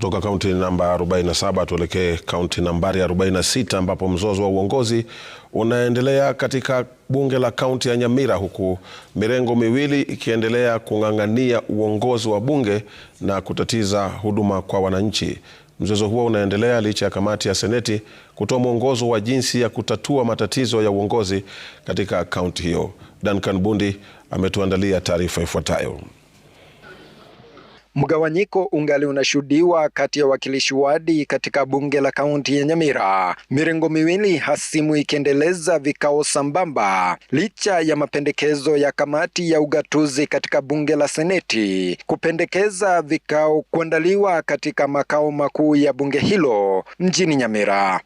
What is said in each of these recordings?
Kutoka kaunti namba 47 tuelekee kaunti nambari 46 ambapo mzozo wa uongozi unaendelea katika bunge la kaunti ya Nyamira huku mirengo miwili ikiendelea kung'ang'ania uongozi wa bunge na kutatiza huduma kwa wananchi. Mzozo huo unaendelea licha ya kamati ya seneti kutoa mwongozo wa jinsi ya kutatua matatizo ya uongozi katika kaunti hiyo. Duncan Bundi ametuandalia taarifa ifuatayo. Mgawanyiko ungali unashuhudiwa kati ya wakilishi wadi katika bunge la kaunti ya Nyamira, mirengo miwili hasimu ikiendeleza vikao sambamba licha ya mapendekezo ya kamati ya ugatuzi katika bunge la seneti kupendekeza vikao kuandaliwa katika makao makuu ya bunge hilo mjini Nyamira.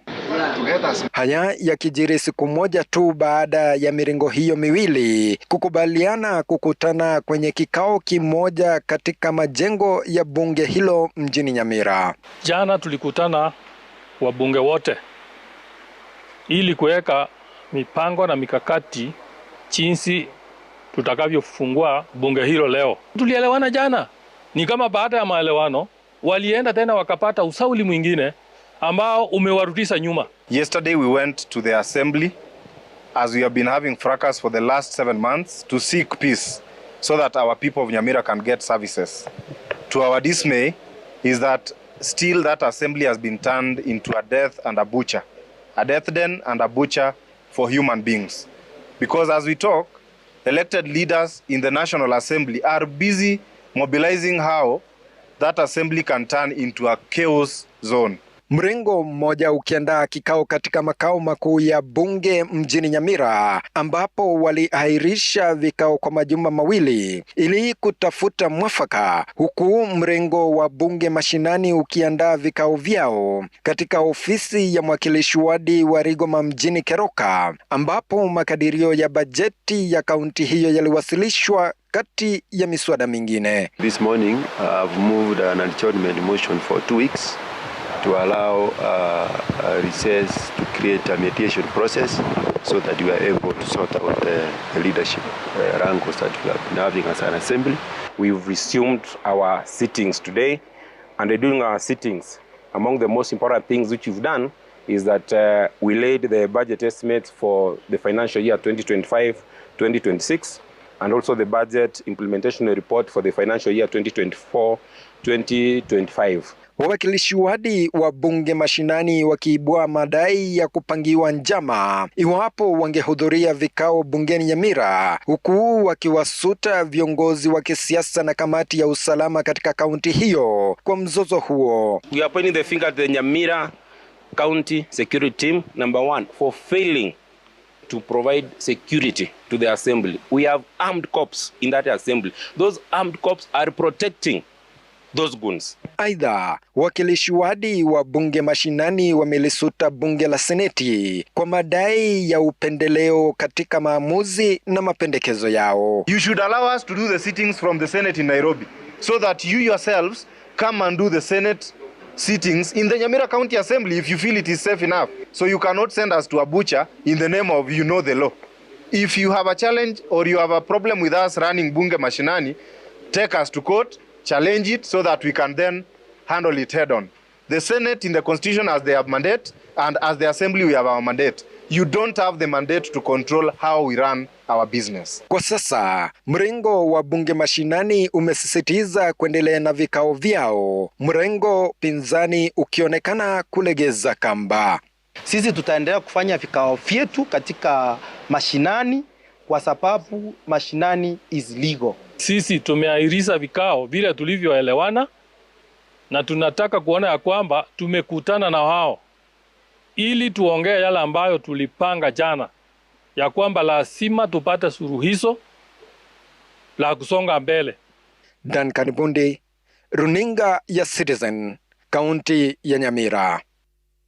Haya yakijiri siku moja tu baada ya miringo hiyo miwili kukubaliana kukutana kwenye kikao kimoja katika majengo ya bunge hilo mjini Nyamira. Jana tulikutana wabunge wote ili kuweka mipango na mikakati jinsi tutakavyofungua bunge hilo leo. Tulielewana jana, ni kama baada ya maelewano walienda tena wakapata usauli mwingine ambao umewarudisha nyuma. Yesterday we went to the assembly as we have been having fracas for the last seven months to seek peace so that our people of Nyamira can get services. To our dismay is that still that assembly has been turned into a death and a butcher. A death den and a butcher for human beings. Because as we talk, elected leaders in the National Assembly are busy mobilizing how that assembly can turn into a chaos zone. Mrengo mmoja ukiandaa kikao katika makao makuu ya bunge mjini Nyamira, ambapo waliahirisha vikao kwa majuma mawili ili kutafuta mwafaka, huku mrengo wa bunge mashinani ukiandaa vikao vyao katika ofisi ya mwakilishi wadi wa Rigoma mjini Keroka, ambapo makadirio ya bajeti ya kaunti hiyo yaliwasilishwa kati ya miswada mingine. This morning, I've moved an adjournment motion for two weeks to allow uh, uh research to create a mediation process so that we are able to sort out the, the leadership uh, wrangles that we have been having as an assembly. We've resumed our sittings today and during our sittings, among the most important things which we've done is that uh, we laid the budget estimates for the financial year 2025-2026 and also the budget implementation report for the financial year 2024-2025. Wawakilishi wadi wa bunge mashinani wakiibua madai ya kupangiwa njama iwapo wangehudhuria vikao bungeni Nyamira, huku wakiwasuta viongozi wa kisiasa na kamati ya usalama katika kaunti hiyo kwa mzozo huo. We are pointing the finger at the Nyamira County Security Team number one for failing to provide security to the assembly. We have armed cops in that assembly. Those armed cops are protecting those goons. Aidha, wakilishi wadi wa bunge mashinani wamelisuta bunge la seneti kwa madai ya upendeleo katika maamuzi na mapendekezo yao. You should allow us to do the sittings from the Senate in Nairobi so that you yourselves come and do the Senate sittings in the Nyamira County Assembly if you feel it is safe enough. So you cannot send us to Abuja in the name of you know the law. If you have a challenge or you have a problem with us running bunge mashinani, take us to court challenge it so that we can then handle it head on. The Senate in the Constitution has their mandate and as the Assembly we have our mandate. You don't have the mandate to control how we run our business. Kwa sasa mrengo wa bunge mashinani umesisitiza kuendelea na vikao vyao, mrengo pinzani ukionekana kulegeza kamba. Sisi tutaendelea kufanya vikao vyetu katika mashinani kwa sababu mashinani is legal. Sisi tumeahirisha vikao vile tulivyoelewana, na tunataka kuona ya kwamba tumekutana na wao ili tuongee yale ambayo tulipanga jana, ya kwamba lazima tupate suluhisho la kusonga mbele. Duncan Bunde, runinga ya Citizen, kaunti ya Nyamira.